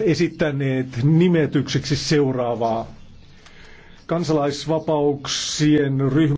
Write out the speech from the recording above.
esittäneet nimetykseksi seuraavaa. Kansalaisvapauksien ryhmä